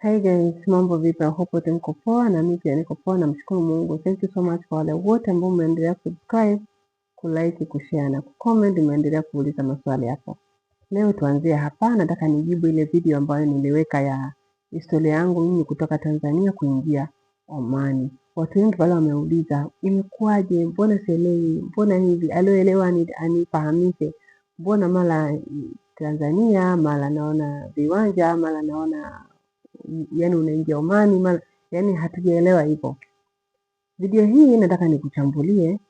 Hey guys, mambo vipi? I Hope wote mko poa na mimi pia niko poa, namshukuru Mungu. Thank you so much kwa wale wote ambao umeendelea kusubscribe, kulike, kushare na kucomment, umeendelea kuuliza maswali hapo. Leo tuanzie hapa, nataka nijibu ile video ambayo niliweka ya historia yangu mimi kutoka Tanzania kuingia Omani. Watu wengi wale wameuliza imekuwaje, mbona sielewi, mbona hivi, alioelewa anifahamishe, mbona mara Tanzania, mara naona viwanja, mara naona yani unaingia Omani mara, yani hatujaelewa hivyo. Video hii nataka nikuchambulie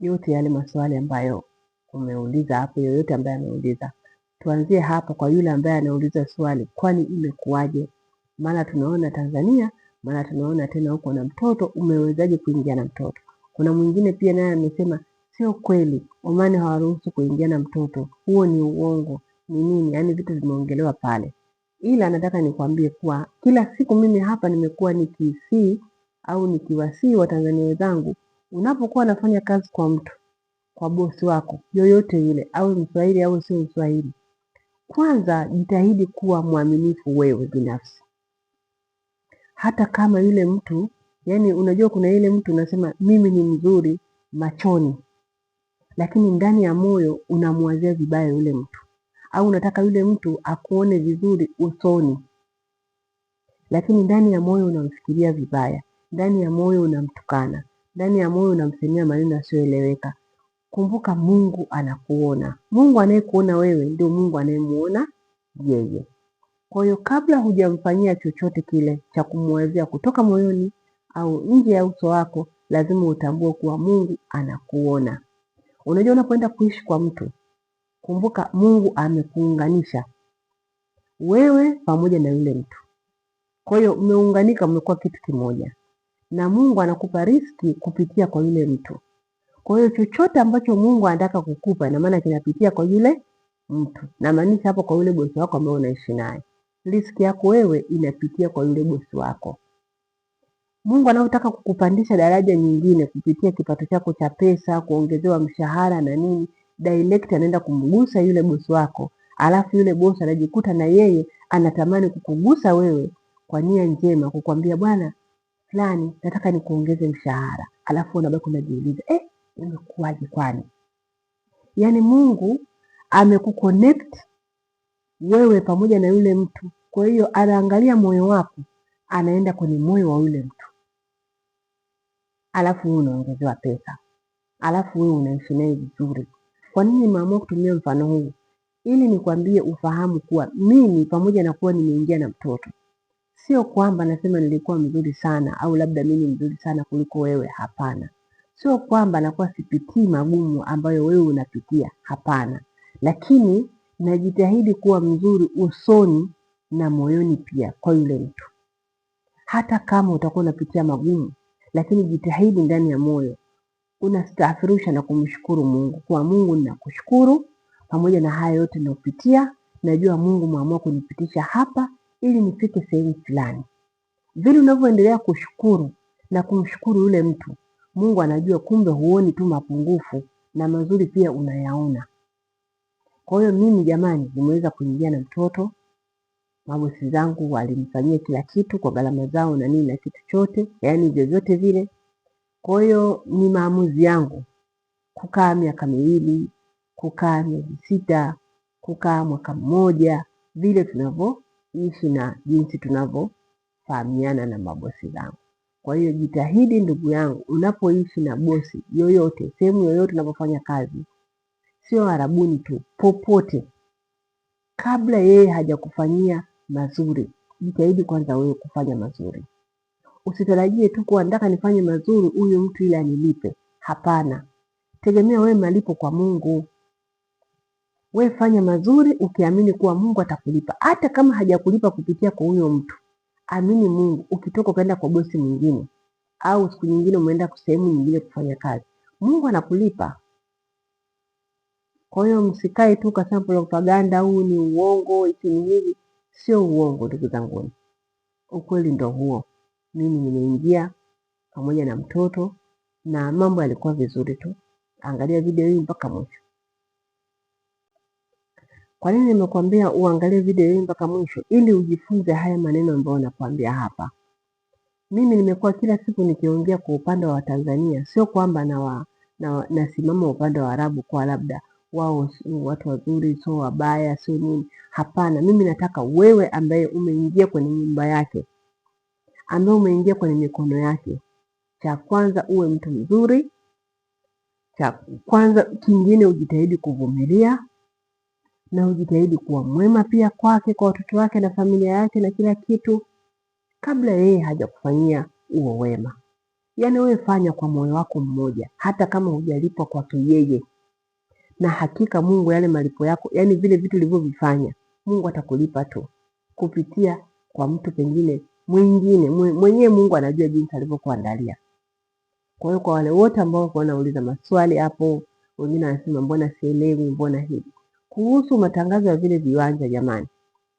yote yale maswali ambayo umeuliza hapo, yoyote ambaye ameuliza. Tuanzie hapo kwa yule ambaye anauliza swali, kwani imekuwaje? Maana tunaona Tanzania, maana tunaona tena huko na mtoto, umewezaje kuingia na mtoto? Kuna mwingine pia naye amesema sio kweli, Omani hawaruhusu kuingia na mtoto, huo ni uongo, ni nini? Yaani vitu vimeongelewa pale ila nataka nikwambie kuwa kila siku mimi hapa nimekuwa nikisii au nikiwasii Watanzania wenzangu, unapokuwa nafanya kazi kwa mtu, kwa bosi wako yoyote yule, au Mswahili au sio Mswahili, kwanza jitahidi kuwa mwaminifu wewe binafsi, hata kama yule mtu yani, unajua kuna ile mtu unasema mimi ni mzuri machoni, lakini ndani ya moyo unamwazia vibaya yule mtu au unataka yule mtu akuone vizuri usoni, lakini ndani ya moyo unamfikiria vibaya, ndani ya moyo unamtukana, ndani ya moyo unamsemea maneno yasiyoeleweka. Kumbuka, Mungu anakuona. Mungu anayekuona wewe ndio Mungu anayemuona yeye. Kwa hiyo kabla hujamfanyia chochote kile cha kumwezea kutoka moyoni au nje ya uso wako, lazima utambue kuwa Mungu anakuona. Unajua, unapoenda kuishi kwa mtu Kumbuka Mungu amekuunganisha wewe pamoja na yule mtu, kwa hiyo mmeunganika, mmekuwa kitu kimoja, na Mungu anakupa riski kupitia kwa yule mtu. Kwa hiyo chochote ambacho Mungu anataka kukupa, ina maana kinapitia kwa yule mtu, namaanisha hapo kwa yule bosi wako ambaye unaishi naye. Riski yako wewe inapitia kwa yule bosi wako. Mungu anataka kukupandisha daraja nyingine kupitia kipato chako cha pesa, kuongezewa mshahara na nini, direct anaenda kumgusa yule bosi wako, alafu yule bosi anajikuta na yeye anatamani kukugusa wewe kwa nia njema, kukwambia bwana fulani, nataka nikuongeze mshahara, alafu unabaki unajiuliza eh, imekuwaje kwani? yani Mungu amekuconnect wewe pamoja na yule mtu, kwa hiyo anaangalia moyo wako, anaenda kwenye moyo wa yule mtu, alafu wewe unaongezewa pesa, alafu wewe unaishi naye vizuri kwa nini nimeamua kutumia mfano huu? Ili nikwambie ufahamu kuwa mimi pamoja na kuwa nimeingia na mtoto, sio kwamba nasema nilikuwa mzuri sana au labda mimi mzuri sana kuliko wewe. Hapana, sio kwamba nakuwa sipitii magumu ambayo wewe unapitia. Hapana, lakini najitahidi kuwa mzuri usoni na moyoni pia kwa yule mtu. Hata kama utakuwa unapitia magumu, lakini jitahidi ndani ya moyo unastaafirusha na kumshukuru Mungu, kwa Mungu ninakushukuru pamoja na haya yote ninayopitia, najua Mungu umeamua kunipitisha hapa ili nifike sehemu fulani. Vile unavyoendelea kushukuru na kumshukuru yule mtu, Mungu anajua kumbe huoni tu mapungufu na mazuri pia unayaona. Kwa hiyo mimi jamani, nimeweza kuingia na mtoto, mabosi zangu walimfanyia kila kitu kwa gharama zao na nini na kitu chote, yaani vyovyote vile Kwahiyo ni maamuzi yangu kukaa miaka miwili, kukaa miezi sita, kukaa mwaka mmoja, vile tunavyoishi na jinsi tunavyofahamiana na mabosi zangu. Kwa hiyo jitahidi ndugu yangu, unapoishi na bosi yoyote, sehemu yoyote unapofanya kazi, sio harabuni tu, popote, kabla yeye hajakufanyia mazuri, jitahidi kwanza wewe kufanya mazuri. Usitarajie tu kuwa nataka nifanye mazuri huyu mtu ili anilipe. Hapana, tegemea wewe malipo kwa Mungu. We fanya mazuri ukiamini kuwa Mungu atakulipa, hata kama hajakulipa kupitia kwa huyo mtu. Amini Mungu. Ukitoka ukaenda kwa bosi mwingine, au siku nyingine umeenda sehemu nyingine kufanya kazi, Mungu anakulipa. Kwa hiyo msikae tu kasema propaganda, huu ni uongo, hiki ni hivi. Sio uongo, ndugu zangu, ukweli ndo huo mimi nimeingia pamoja na mtoto na mambo yalikuwa vizuri tu. Angalia video hii mpaka mwisho. Kwa nini nimekuambia uangalie video hii mpaka mwisho? Ili ujifunze haya maneno ambayo nakuambia hapa. Mimi nimekuwa kila siku nikiongea kwa upande wa Tanzania, sio kwamba na wa, na upande wa Arabu kwa labda wao watu wazuri, sio wabaya, sio nini. Hapana, mimi nataka wewe ambaye umeingia kwenye nyumba yake ambao umeingia kwenye mikono yake. Cha kwanza uwe mtu mzuri, cha kwanza kingine ujitahidi kuvumilia na ujitahidi kuwa mwema pia kwake, kwa watoto wake na familia yake na kila kitu, kabla yeye hajakufanyia uo wema. Yaani wewe fanya kwa moyo wako mmoja, hata kama hujalipwa kwake yeye, na hakika Mungu yale malipo yako, yaani vile vitu ulivyovifanya Mungu atakulipa tu kupitia kwa mtu pengine mwingine mwenyewe. Mungu anajua jinsi alivyokuandalia. Kwa hiyo kwa wale wote ambao wako wanauliza maswali hapo, wengine wanasema mbona sielewi, mbona hivi, kuhusu matangazo ya vile viwanja, jamani,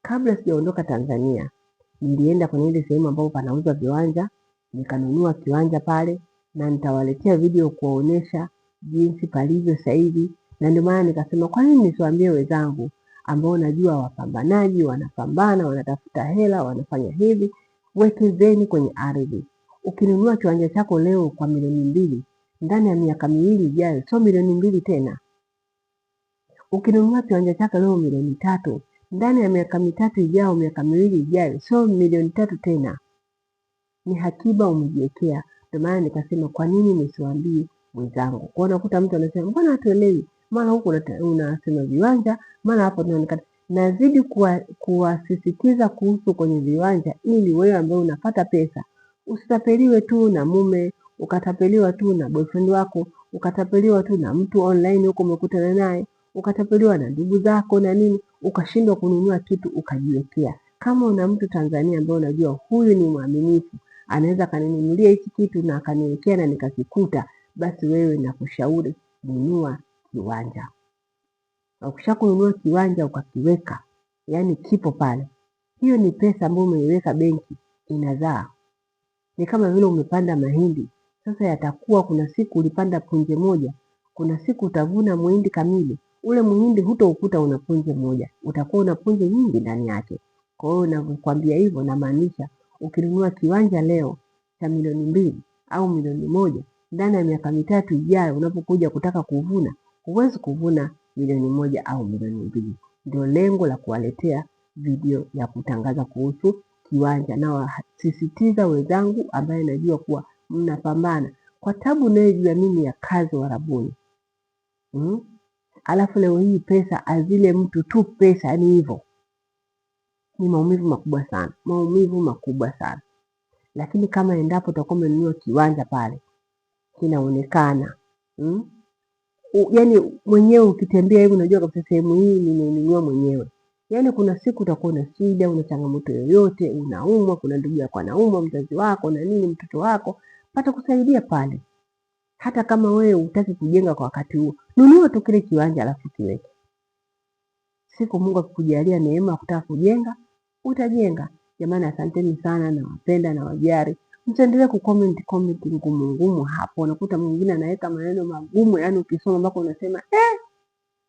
kabla sijaondoka Tanzania nilienda kwenye ile sehemu ambapo panauzwa viwanja nikanunua kiwanja pale, na nitawaletea video kuwaonyesha jinsi palivyo sasa hivi. Na ndio maana nikasema kwa nini nisiwaambie wenzangu ambao najua wapambanaji, wanapambana, wanatafuta hela, wanafanya hivi Wekezeni kwenye ardhi. Ukinunua kiwanja chako leo kwa milioni mbili, ndani ya miaka miwili ijayo sio milioni mbili tena. Ukinunua kiwanja chako leo milioni tatu, ndani ya miaka mitatu ijayo, miaka miwili ijayo sio milioni tatu tena. Ni hakiba umejiwekea. Ndio maana nikasema kwa nini nisiwaambie wenzangu? Kwa unakuta mtu anasema mbona hatuelewi, mara huku unasema viwanja, mara hapo tunaonekana nazidi kuwasisitiza kuhusu kwenye viwanja ili wewe ambaye unapata pesa usitapeliwe tu na mume ukatapeliwa tu na boyfriend wako ukatapeliwa tu na mtu online huko umekutana naye ukatapeliwa na ndugu zako na nini ukashindwa kununua kitu ukajiwekea kama una mtu tanzania ambaye unajua huyu ni mwaminifu anaweza akaninunulia hiki kitu na akaniwekea na nikakikuta basi wewe nakushauri nunua kiwanja na ukishakununua kiwanja ukakiweka, yani kipo pale, hiyo ni pesa ambayo umeiweka benki, inazaa. Ni kama vile umepanda mahindi. Sasa yatakuwa kuna siku ulipanda punje moja, kuna siku utavuna muhindi kamili. Ule muhindi hutoukuta una punje moja, utakuwa una punje nyingi ndani yake. Kwa hiyo navyokwambia hivyo, namaanisha ukinunua kiwanja leo cha milioni mbili au milioni moja, ndani ya miaka mitatu ijayo unapokuja kutaka kuvuna, huwezi kuvuna milioni moja au milioni mbili. Ndio lengo la kuwaletea video ya kutangaza kuhusu kiwanja, na wasisitiza wenzangu, ambaye najua kuwa mnapambana kwa tabu nayejua mimi ya kazi warabuni hmm? Alafu leo hii pesa azile mtu tu pesa, ni hivyo, ni maumivu makubwa sana, maumivu makubwa sana. Lakini kama endapo utakuwa umenunua kiwanja pale kinaonekana hmm? yani mwenyewe ukitembea hivi unajua kabisa sehemu hii nimeinunua mwenyewe. yani kuna siku utakuwa na shida, una changamoto yoyote, unaumwa, kuna ndugu yako anaumwa, mzazi wako na nini, mtoto wako, pata kusaidia pale. Hata kama wewe utaki kujenga kwa wakati huo, nunua tu kile kiwanja alafu kiweke. Siku Mungu akikujalia neema ya kutaka kujenga, utajenga. Jamani, asanteni sana, nawapenda, nawajali mtaendelea kucomment comment ngumu ngumu. Hapo unakuta mwingine anaweka maneno magumu, yani ukisoma mpaka unasema eh,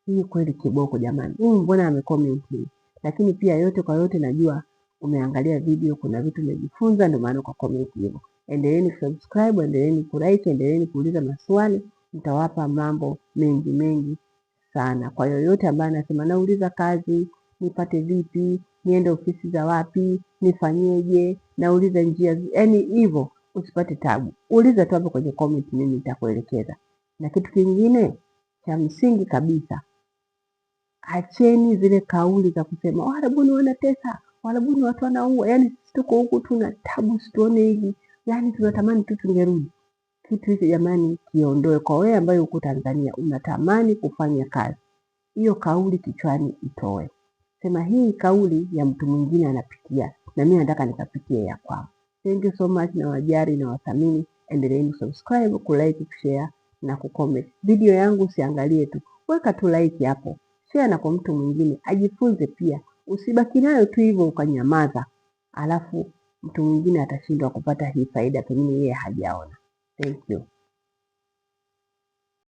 hii kweli kiboko jamani, huyu mbona amecomment hii? Lakini pia yote kwa yote, najua umeangalia video, kuna vitu umejifunza, ndio maana kwa comment hivyo. Endeleeni subscribe, endeleeni kulike, endeleeni kuuliza maswali, nitawapa mambo mengi mengi sana. Kwa yoyote ambaye anasema nauliza kazi nipate vipi, niende ofisi za wapi nifanyeje, nauliza njia, yani hivyo usipate tabu, uliza tu hapo kwenye comment, mimi nitakuelekeza. Na kitu kingine cha msingi kabisa, acheni zile kauli za kusema Warabuni oh, wanatesa, Warabuni watu wanaua, Yani sisi tuko huku tuna tabu, situone hivi, yani tunatamani tu tungerudi. Kitu hicho jamani, kiondoe. Kwa wewe ambaye uko Tanzania unatamani kufanya kazi, hiyo kauli kichwani itoe. Sema hii kauli ya mtu mwingine anapitia na mimi nataka nikapitie ya kwao. Thank you so much, na wajari na wathamini. Endeleeni like, ku share na comment video yangu. Usiangalie tu, weka tu like hapo, share na kwa mtu mwingine ajifunze pia. Usibaki nayo tu hivyo ukanyamaza, alafu mtu mwingine atashindwa kupata hii faida, pengine yeye hajaona. Thank you.